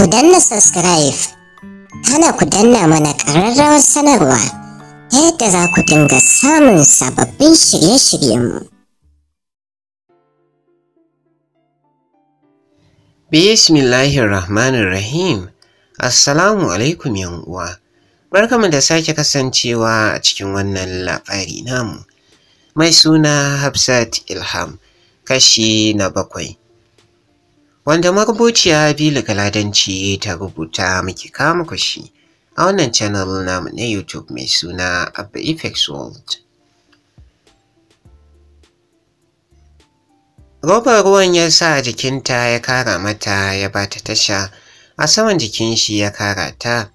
ku danna subscribe hana ku danna mana ƙararrawar sanarwa yadda za ku dinga samun sababbin shirye-shiryenmu. Bismillahirrahmanirrahim Assalamu alaikum uwa. Barkamu da sake kasancewa a cikin wannan labari namu. Mai suna Hafsat Ilham, kashi na bakwai. wanda marubuciya Bilu Galadanci ta rubuta muke kama muku a wannan channel namu na YouTube mai suna Abba Effects World. Robar ruwan ya sa jikinta ya kara mata ya ba ta tasha a saman jikin shi ya kara ta.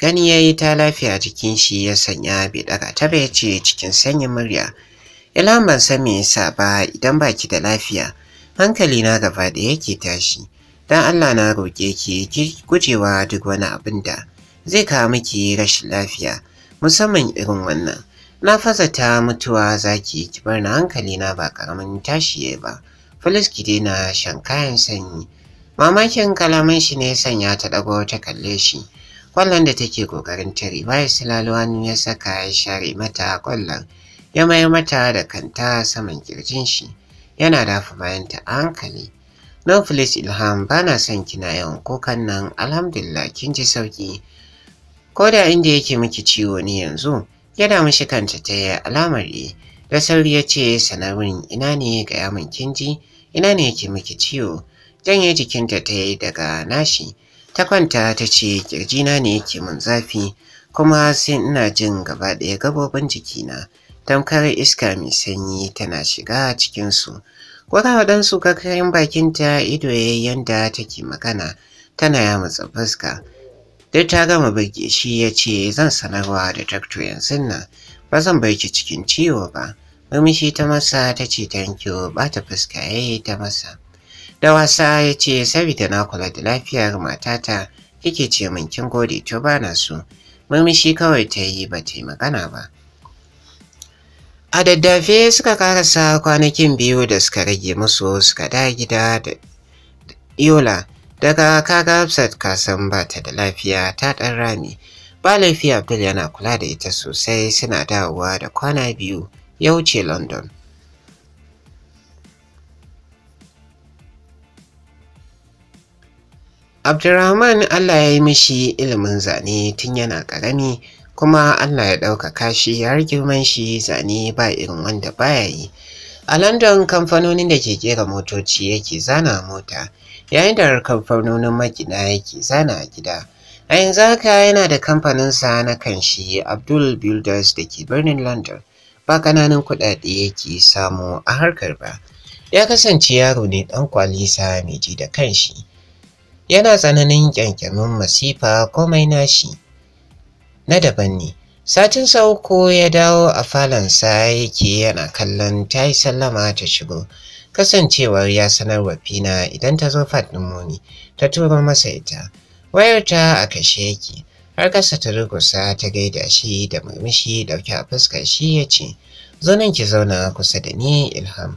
Gani ya yi ta lafiya jikin shi ya sanya bai daga ta bai ce cikin sanyin murya. Ila ban san me yasa ba idan baki da lafiya. hankali na gaba ɗaya yake tashi dan Allah na roke ki ki gujewa duk wani abin da zai kawo miki rashin lafiya musamman irin wannan na fasa ta mutuwa zaki ki bar na hankali na ba karamin tashi yayi ba Faliski dai na shan kayan sanyi mamakin kalaman shi ne sanya ta ɗago ta kalle shi kwallon da take kokarin tare bayan silaluwanu ya saka ya share mata kwallon ya mayar mata da kanta saman kirjin shi yana dafa bayanta a hankali. No Ilham bana son kina yawan kukan nan alhamdulillah kin ji sauki. Ko da inda yake miki ciwo ne yanzu yana mishi kanta ta yi alamar yi e. Da sauri ya ce sanarwin ina ne ga yamin kin ji ina ne yake miki ciwo. Janye jikinta ta yi daga nashi. Ta kwanta ta ce kirjina ne yake min zafi kuma sai ina jin gaba ɗaya gabobin jikina tamkar iska mai sanyi tana shiga cikinsu kura waɗansu kakarin bakinta ido ya yanda take magana tana matsa fuska duk ta gama burge shi ya ce zan sanarwa da takto yanzu nan ba zan bar ki cikin ciwo ba murmushi ta masa ta ce thank you ba ta fuska ya ta masa da wasa yace ce saboda na kula da lafiyar matata kike ce min kin gode to ba na so murmushi kawai ta yi ba ta yi magana ba A daddafe suka karasa kwanakin biyu da suka rage musu suka da gida da Yola daga kaga Hafsat kasan ba ta da lafiya ta ɗan rami. Ba laifi Abdul yana kula da ita sosai suna dawowa da kwana biyu ya wuce London. Abdurrahman Allah ya yi mishi ilimin zane tun yana ƙarami. kuma Allah ya ɗaukaka kashi har girman shi zane ba irin wanda baya yi. A London kamfanonin da ke kera motoci yake zana mota, yayin da kamfanonin magina yake zana gida. A yanzu haka yana da kamfaninsa na kanshi Abdul Builders da ke birnin London, ba ƙananan kuɗaɗe yake samu a harkar ba. Ya kasance yaro ne ɗan kwalisa mai ji da kanshi. Yana tsananin kyankyamin masifa komai nashi. na daban ne satin sauko ya dawo a falonsa yake yana kallon ta yi sallama ta shigo kasancewar ya sanar wa fina idan ta zo fat ta turo masa ita wayarta a kashe yake har kasa ta rugusa ta gaida shi da murmushi ɗauke a fuskar shi ya ce zo nan ki zauna kusa da ni ilham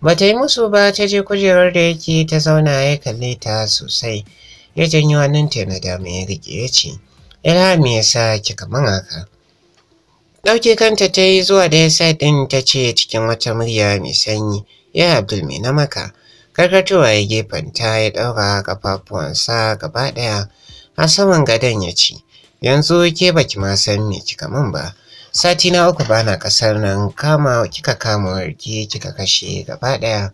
Ba ta yi musu ba ta je kujerar da yake ta zauna ya kalle ta sosai ya janyo hannunta na dama ya rike ya ce ina me yasa kika min haka ɗauke kanta ta yi zuwa da side ɗin ta ce cikin wata murya mai sanyi ya abdul mai na maka karkatowa ya gefen ta ya ɗaura kafafuwansa gaba ɗaya a saman gadon ya ce yanzu ke baki ma san me kika min ba sati na uku bana ƙasar nan kama kika kama warki kika kashe gaba ɗaya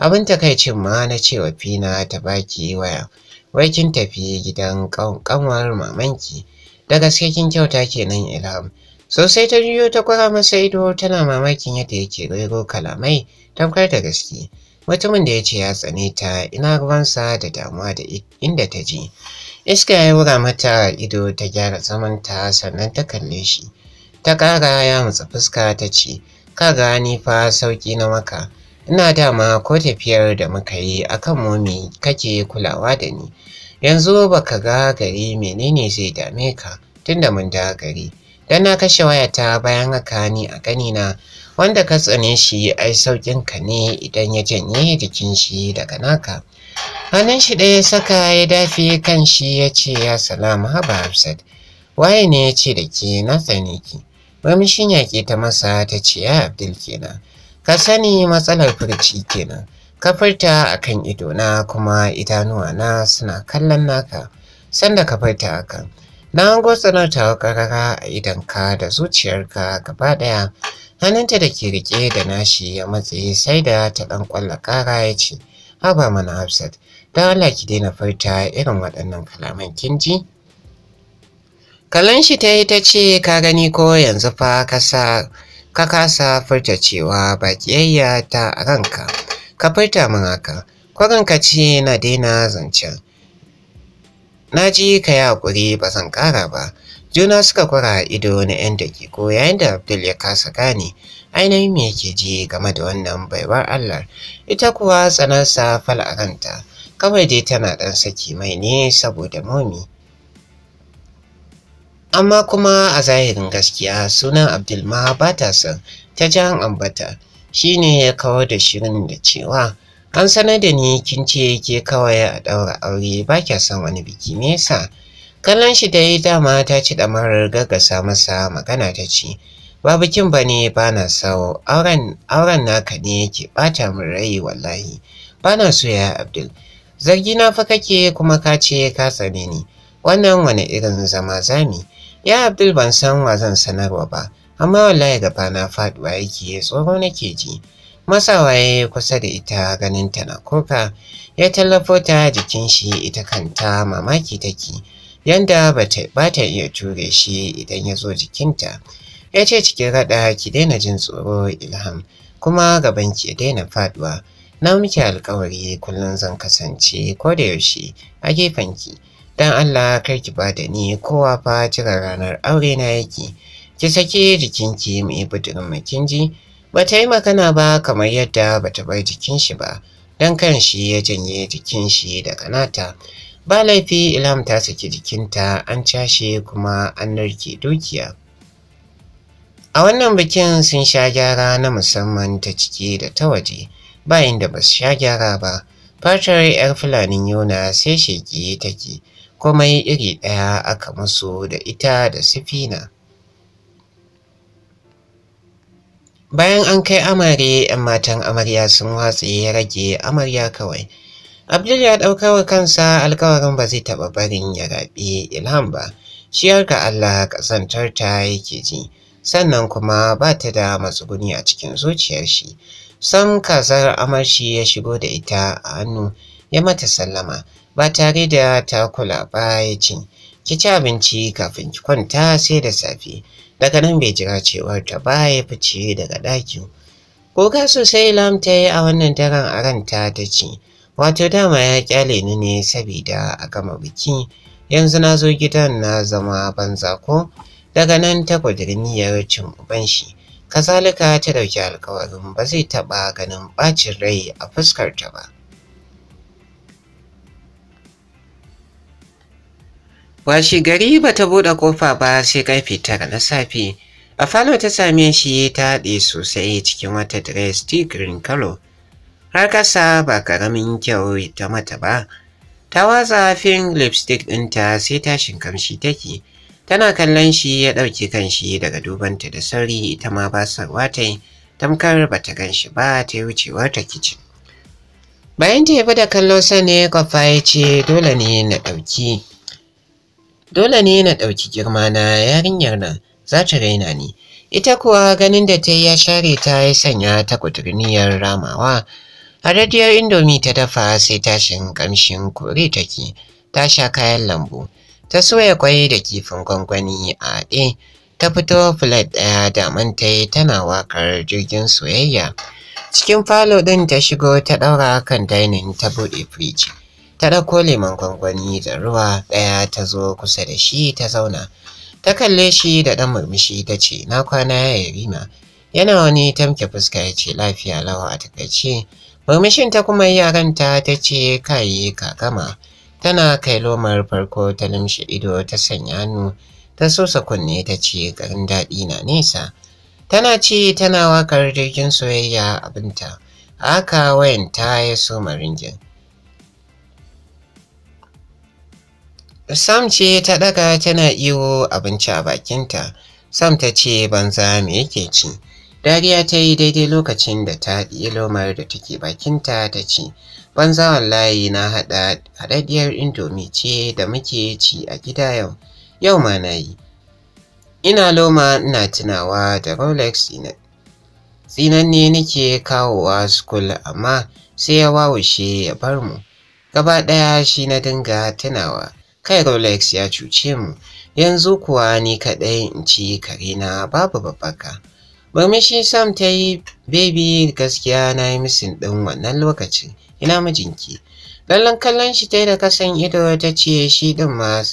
abin takaicin ma na cewa fina ta baki waya wai kin tafi gidan kanwar mamanki da gaske kin kyauta kenan ilham sosai ta juyo ta kwara masa ido tana mamakin yadda yake rero kalamai tamkar da gaske mutumin da ya ce ya tsane ta ina ruwansa da damuwa da inda ta ji? iska ya wura mata ido ta gyara zamanta sannan ta kalle shi ta ƙara ya mutsa fuska ta ce ka gani fa sauki na maka Ina dama ko tafiyar da muka yi a kan momi kake kulawa da ni. Yanzu baka ga gari menene zai dame ka tunda mun da gari. Dan na kashe wayata bayan haka ni a ganina wanda ka tsane shi ai saukin ka ne idan ya janye jikin shi daga naka. Hannun shi ɗaya saka ya dafe kan shi ya ce ya salama haba Hafsat. Waye ne ya ce da ke na tsane ki. Mamishin ke ta masa ta ce ya Abdul kenan. ka sani matsalar furci kenan ka furta kan idona kuma idanuwa na suna kallon naka sanda ka furta hakan na hango tsanar tawakarara a idanka da zuciyarka gaba ɗaya hannunta da ke rike da nashi ya matse sai da ta ɗan kwalla ƙara ya ce haba mana hafsat don Allah ki daina furta irin waɗannan kalaman kin ji kallon shi ta yi ta ce ka gani ko yanzu fa ka sa ka kasa furta cewa ba ƙiyayya ta ranka ka furta min haka ko ka ce na daina zancen na ji ka yi haƙuri ba zan ƙara ba juna suka kwara ido na 'yan dakiko yayin da abdul ya kasa gane ainihin me yake ji game da wannan baiwar allah ita kuwa tsanarsa fal'aranta kawai dai tana ɗan saki mai ne saboda momi amma kuma a zahirin gaskiya sunan abdul ma ba ta son ta jan ambata shine ya kawar da shirin da cewa an sanar da ni kin ce ke kawai a ɗaura aure ba kya son wani biki nesa kallon shi da ya dama ta ci ɗamarar gaggasa masa magana ta ce ba bikin ba ne ba na sawo. auren naka ne ke ɓata min rai wallahi ba na so ya abdul zargi na fa kake kuma ka ce ka tsane ni wannan wani irin zama zami ya abdul ban san wa zan sanarwa ba amma wallahi gaba na faduwa yake tsoro nake ji masawa ya kusa da ita ganin ta na kuka ya tallafo ta jikin shi ita kanta mamaki take yanda ba ta iya ture shi idan ya zo jikinta ya ce cikin raɗa ki daina jin tsoro ilham kuma gaban ki daina faɗuwa. na miki alƙawari kullum zan kasance ko da yaushe a gefen ki dan Allah kar ki bada ni kowa fa cikin ranar aure na yake ki sake jikinki mu yi budurin kin ji ba ta yi magana ba kamar yadda ba ta bar jikin shi ba dan kan shi ya janye jikin shi daga nata ba laifi ilham ta saki jikinta an cashe kuma an narke dukiya a wannan bikin sun sha gyara na musamman ta ciki da ta waje bayan da ba su sha gyara ba fatar 'yar fulanin yona sai sheki take komai iri ɗaya aka musu da ita da sifina bayan an kai amare 'yan matan amarya sun watse ya rage amarya kawai abdul ya ɗauka wa kansa alkawarin ba zai taɓa barin ya raɓi ilham ba shiyar ga allah ƙasantar ta yake ji sannan kuma ba ta da matsuguni a cikin zuciyar shi san kasar amarshi ya shigo da ita a hannu ya mata sallama ba tare da takula kula ba ya ce ki ci abinci kafin ki kwanta sai da safe daga nan bai jira cewar ta ba ya fice daga ɗakin Koga sosai lam ta yi a wannan daren a ranta ta ce wato dama ya kyale ni ne sabida a gama biki yanzu na zo gidan na zama banza ko daga nan ta niyyar cin uban shi kazalika ta ɗauki alkawarin ba zai taɓa ganin ɓacin rai a fuskarta ba Washi gari ba ta buɗe ƙofa ba sai ƙarfe tara na safe. A falo ta same shi ta haɗe sosai cikin wata dress tea green color. Har ƙasa ba ƙaramin kyau ta mata ba. Ta watsa fin lipstick ɗinta sai tashin kamshi take. Tana kallon shi ya ɗauki shi daga dubanta da sauri ita ma ba sa wata tamkar bata gan shi ba ta yi wucewar ta kicin. Bayan ta yabi da kallo sani kwafa ya ce dole ne na ɗauki dole ne na ɗauki girma na yarinyar nan za ta raina ni ita kuwa ganin da ta yi ya share ta ya sanya ta kuturniyar ramawa radiyar indomi ta dafa sai tashin ƙamshin kore take ta sha kayan lambu ta soya kwai da kifin gwangwani a ɗe ta fito filet ɗaya da mantai tana wakar jirgin soyayya cikin falo ɗin ta shigo ta ɗaura kan dainin ta buɗe firiji ta ɗauko leman gwangwani da ruwa ɗaya ta zo kusa da shi ta zauna ta kalle shi da ɗan murmushi ta ce na kwana ya yarima yana wani tamke fuska ya ce lafiya lawa a takaice murmushin ta kuma ranta ta ce kayi kakama tana kai lomar farko ta limshi ido ta sanya hannu ta sosa kunne ta ce garin daɗi na nesa tana ce tana wakar jirgin soyayya abinta haka wayanta ya so maringin Sam ce ta ɗaga tana iyo abinci a bakinta. Sam ta ce banza me yake ci. Dariya ta yi daidai lokacin da ta haɗi lomar da take bakinta ta ce, Banza wallahi na haɗa haɗaɗɗiyar indomi ce da muke ci a gida yau, yau ma na yi. Ina loma ina tunawa da Rolex Zinan ne nake kawowa school amma sai ya wawushe ya bar mu. Gaba ɗaya shi na dinga tunawa. kai Rolex ya cuce mu yanzu kuwa ni kaɗai in ci karena babu babbaka. Murmushi Sam ta yi baby gaskiya na yi misin ɗin wannan lokacin ina mijinki. Lallan kallon shi ta yi da kasan ido ta ce shi ɗin ma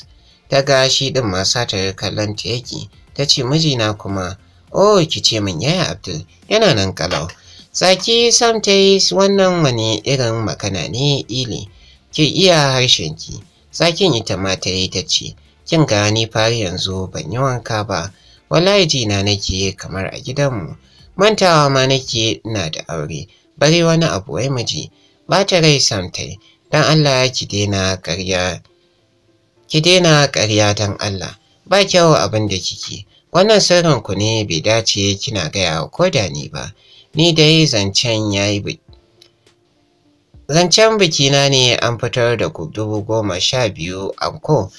ta ga shi ɗin ma satar kallon ta yake ta ce mijina kuma oh ki ce min yaya Abdul yana nan kalau. Saki Sam ta yi wannan wani irin makana ne ili ki iya harshenki. Zakin ita ma ta yi ta ce, Kin ga ni fari yanzu ban yi wanka ba, wallahi ji na nake kamar a gidanmu. Mantawa ma nake na da aure, bari wani abu wai miji. Ba ta rai samtai, don Allah ki daina ƙarya. Ki daina ƙarya don Allah, ba kyau abin da kike. Wannan sirrin ku ne bai dace kina gaya ko da ni ba. Ni dai zancen ya yi Zancen bikina ne an fitar da dubu goma sha biyu anko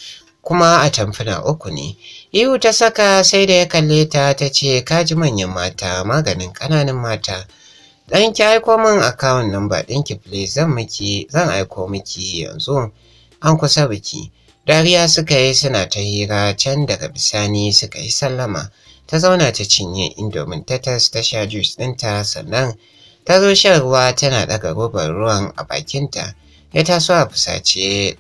kuma a tamfuna uku ne. Ihu ta saka sai da ya kalle ta ta ce ka ji manyan mata maganin ƙananan mata. Dan ki aiko min akawun namba ɗinki please zan miki zan aiko miki yanzu an kusa biki. Dariya suka yi suna ta hira can daga bisani suka yi sallama. Ta zauna ta cinye indomin tatas ta sha juice ɗinta sannan ta zo shan ruwa tana daga robar ruwan a bakinta ya taso a fusace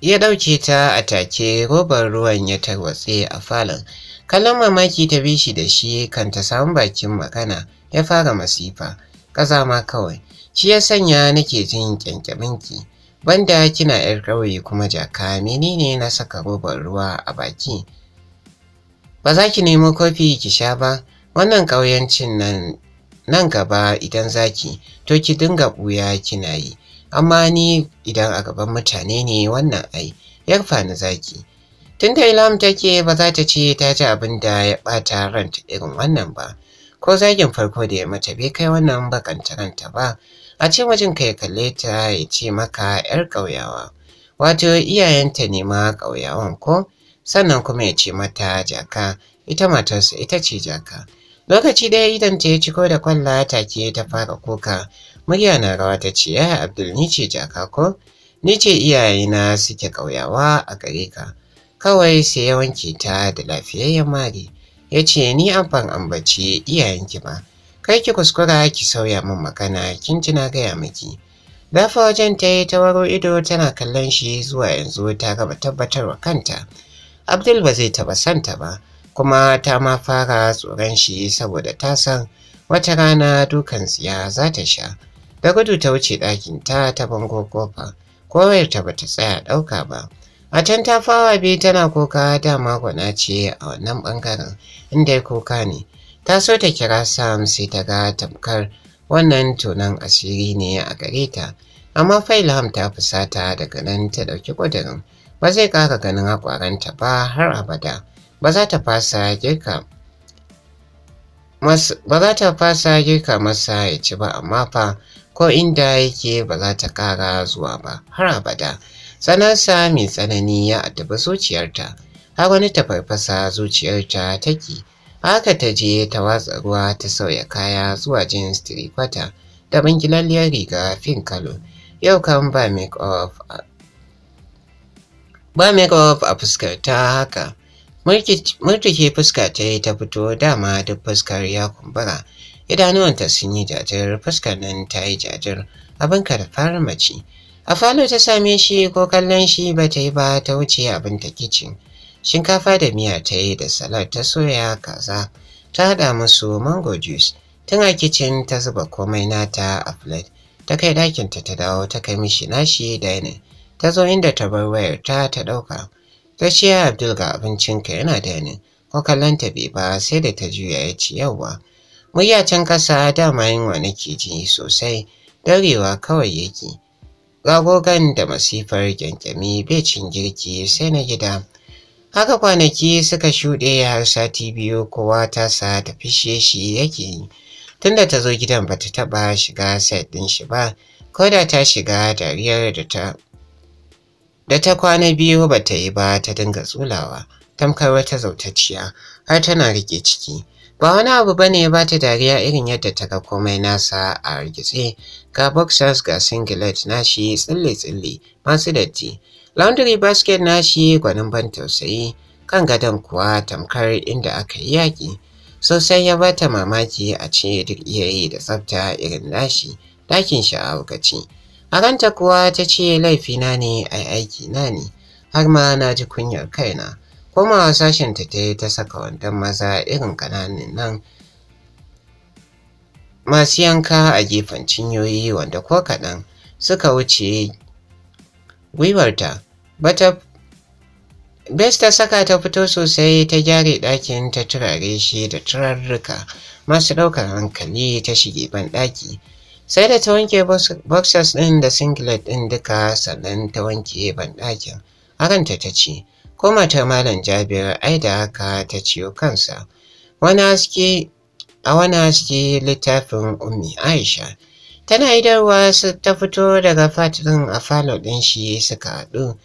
ya ɗauke ta a take robar ruwan ya tarwatse a falon kallon mamaki ta bi shi da shi kan ta samu bakin magana ya fara masifa ƙaza ma kawai shi ya sanya nake jin ƙyanƙyaminki banda kina 'yar ƙauye kuma jaka menene na saka robar ruwa a baki ba za ki nemo kofi ki sha ba wannan ƙauyancin nan nan gaba idan zaki to ki dinga ɓuya kina yi amma ni idan a gaban mutane ne wannan ai ya fani zaki tun da ilam take ba za ta ce ta ji abin da ya ɓata ranta irin wannan ba ko zagin farko da ya mata bai kai wannan bakanta ranta ba a ce mijin ka ya kalle ta ya ce maka yar ƙauyawa wato iyayenta ne ma ƙauyawan ko sannan kuma ya ce mata jaka ita matarsa ita ce jaka lokaci daya idan ta ya ciko da kwalla take ta fara kuka murya na rawa ta ce yaya eh, abdul ni ce jaka ko ni ce iyayena suke ƙauyawa a gare ka kawai sai ya wanke ta da lafiyayyen mari ya ce ni amfan ambaci iyayenki ba kai ki kuskura ki sauya min magana kin ji na gaya miki dafa wajen ta yi ta ido tana kallon shi zuwa yanzu ta gaba tabbatarwa kanta Abdul ba zai taɓa santa ba kuma ta ma fara tsoron shi saboda ta san wata rana dukan tsiya za ta sha. Da gudu ta wuce ɗakin ta ta bango kofa, kowayar ta bata tsaya ɗauka ba. A can ta fawa biyu tana kuka dama gwana ce a wannan ɓangaren inda kuka ne. Ta so ta kira Sam sai ta ga tamkar wannan tunan asiri ne a gare ta. Amma Failham ta fusata daga nan ta ɗauki ƙudurin. ba zai ƙara ganin hakwaranta ba har abada ba za ta fasa girka masa ya ci ba amma fa ko inda yake ba za ta ƙara zuwa ba har abada sanarsa mai tsanani ya addaba zuciyarta har wani tafarfasa zuciyarta take haka ta je ta watsa ruwa ta sauya kaya zuwa jeans tirikwata da bangilalliyar riga fin kalo yau kan ba make off ba makeup a fuskar ta haka murtuke fuska ta yi ta fito dama duk fuskar ya kumbura idanuwanta sun yi jajir fuskar nan ta yi jajir abin karfar mace a falo ta same shi ko kallon shi ba ta yi ba ta wuce abin ta kicin shinkafa da miya ta yi da salad ta soya kaza ta haɗa musu mango juice tun a kicin ta zuba komai nata a plate ta kai ɗakinta ta dawo ta kai mishi nashi dining ta zo inda ta bar wayar ta ta ɗauka. Ta ce ya Abdul ga abincinka yana da ni, ko kallon ta bai ba sai da ta juya ya ce yauwa. Murya can ƙasa dama wa nake ji sosai, darewa kawai yake. Ragogan da masifar kyankyami bai cin girki sai na gida. Haka kwanaki suka shuɗe har sati biyu kowa ta sa ta fishe shi yake yi. Tunda ta zo gidan ba ta taɓa shiga set ɗin shi ba, ko da ta shiga dariyar da ta da ta kwana biyu ba ta yi ba ta dinga tsulawa tamkar wata zautacciya har tana rike ciki ba wani abu ba ne ba ta dariya irin yadda ta ga komai nasa a rigitse ga boxers ga singlet nashi tsille-tsille masu datti laundry basket nashi gwanin ban tausayi kan gadon kuwa tamkar inda aka yi yaƙi sosai ya bata mamaki a ce duk iya da tsafta irin nashi ɗakin shi a Haranta kuwa ta ce laifina ne a aiki na ne, har ma na ji kunyar kaina. kuma sashenta ta yi ta saka wandon maza irin kananin nan masu yanka a gefen cinyoyi wanda ko kaɗan suka wuce gwiwarta. Bata Bes ta saka ta fito sosai ta gyare ɗakin ta turare shi da turarruka masu ɗaukar hankali ta shige ban ɗaki. sai da ta wanke boxers ɗin da singlet ɗin duka sannan ta wanke banɗakin aranta ta ce ko malam jabir ai da haka ta ciyo kansa a wani haske littafin ummi aisha tana idarwa ta fito daga fatirin a falo ɗin shi suka haɗu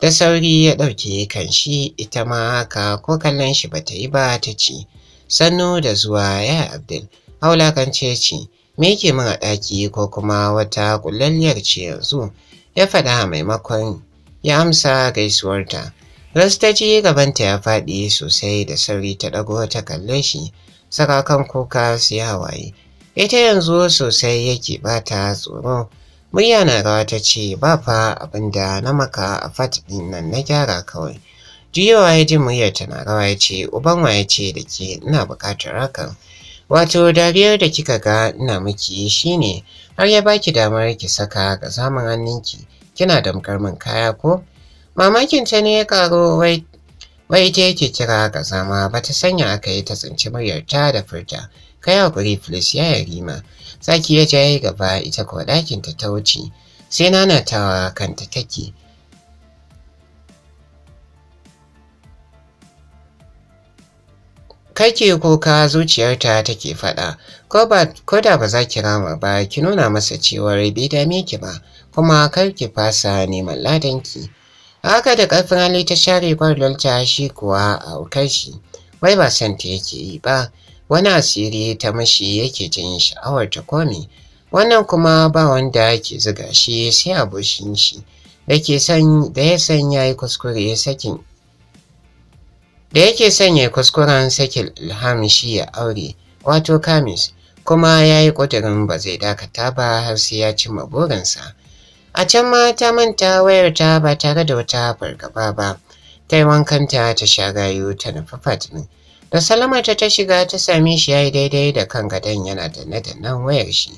da sauri ya ɗauke kan shi ita ma haka ko kallon shi ba ta yi ba ta ce sannu da zuwa ya abdul ce ce me yake min a ɗaki ko kuma wata ƙullalliyar ce yanzu ya faɗa maimakon ya amsa gaisuwarta Ras ta ji gabanta ya faɗi sosai da sauri ta ɗago ta kalle shi sakakan kuka su yi hawaye ita yanzu sosai yake bata tsoro murya na rawa ta ce ba fa abin da na maka a fat nan na gyara kawai juyawa ya ji ta na rawa ya ce uban ya ce da ke ina bukatar hakan Wato dariyar da kika ga ina miki shine har ya baki damar ki saka ga zaman hannunki kina da mukarmin kaya ko? Mamakin ta ne ya karo wai wai ta yake kira ga zama ba ta sanya aka yi ta tsinci muryar ta da furta. Kai hakuri filis ya yarima. Saki ya jaye gaba ita kuwa ɗakin ta ta wuce. Sai natawa kanta take. kake kuka zuciyarta take faɗa ko da ba za ki rama ba ki nuna masa cewa bai dame ki ba kuma kar ki fasa neman ladanki haka da ƙarfin hali ta share kwallonta shi kuwa a wukar shi wai ba son ta yake yi ba wani asiri ta mashi yake jin sha'awar ta komi wannan kuma ba wanda ke zuga shi sai abushin shi da ke san da ya san yayi kuskure sakin da yake sanya kuskuren sakil ilham shi ya aure wato kamis kuma ya yi ƙudurin ba zai dakata ba har sai ya cimma burinsa a can ma ta manta wayarta ba tare da wata fargaba ba ta yi wankanta ta sha gayu ta nufi fatin da salamata ta shiga ta same shi ya yi daidai da kan gadon yana da na da nan wayar shi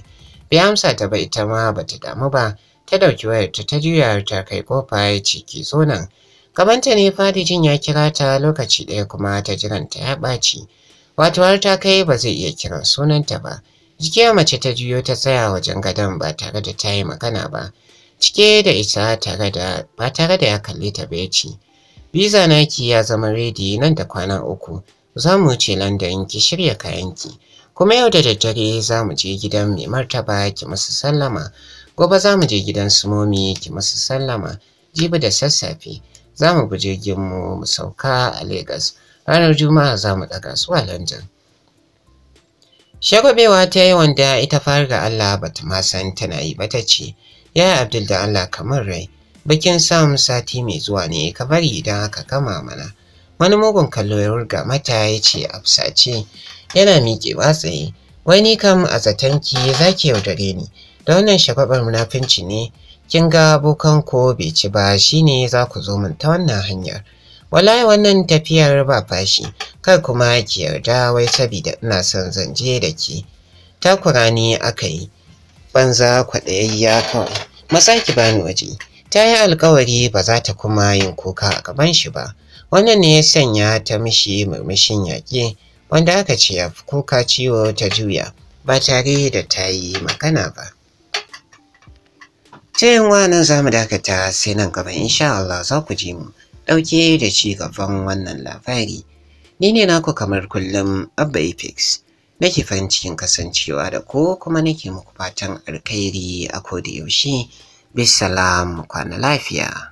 bai amsa ta bai ita ma ba ta damu ba ta ɗauki wayarta ta juya ta kai kofa ya ciki zonan Gabanta ne Fadi Jin ya kira ta lokaci ɗaya kuma ta jiran ta ya ɓaci. Wato har ta kai ba zai iya kiran sunanta ba. Jikiya mace ta juyo ta tsaya wajen gadon ba tare da ta yi magana ba. Cike da isa tare da ba tare da ya kalli ta ba ya ce, Biza naki ya zama redi nan da kwana uku. Za mu wuce Landan ki shirya kayan ki. Kuma yau da daddare za mu je gidan mai martaba ki masu sallama. Gobe za mu je gidan su ki masu sallama. Jibi da sassafe. za mu bi jirgin mu sauka a Legas. Ranar Juma'a za mu ɗaga zuwa London. Shagwabewa ta yi wanda ita fara ga Allah ba ta ma san tana yi ba ta ce, Yaya Abdul da Allah kamar rai, bikin samun sati mai zuwa ne ka bari idan aka kama mana. Wani mugun kallo ya wurga mata ya ce ce, yana miƙewa tsaye. Wani kam a zatanki za ki yaudare ni, da wannan shagwabar munafinci ne kin ga abokan ko bai ci ba shine za ku zo min ta wannan hanyar wallahi wannan tafiyar ba fashi kar kuma ki yarda wai sabida ina son zan je da ki ta kurani aka yi banza kwaɗayayya kawai masaki bani waje ta yi alkawari ba za ta kuma yin kuka a gaban shi ba wannan ne ya sanya ta mishi murmushin yaƙi wanda aka ce ya fi kuka ciwo ta juya ba tare da ta yi magana ba wa wannan za mu dakata sai nan gaba insha Allah za ku ji mu ɗauke da ci gaban wannan labari. Ni ne naku kamar kullum Abba Apex. Nake farin cikin kasancewa da ko kuma nake muku fatan alkhairi a koda yaushe. Bisalam kwana lafiya.